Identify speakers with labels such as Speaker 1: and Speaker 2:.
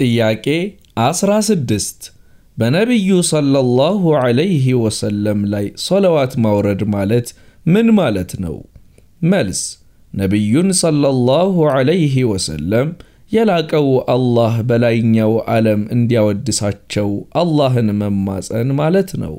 Speaker 1: ጥያቄ 16 በነቢዩ ሰለላሁ ዐለይሂ ወሰለም ላይ ሰለዋት ማውረድ ማለት ምን ማለት ነው? መልስ ነቢዩን ሰለላሁ ዐለይሂ ወሰለም የላቀው አላህ በላይኛው ዓለም እንዲያወድሳቸው አላህን መማፀን ማለት ነው።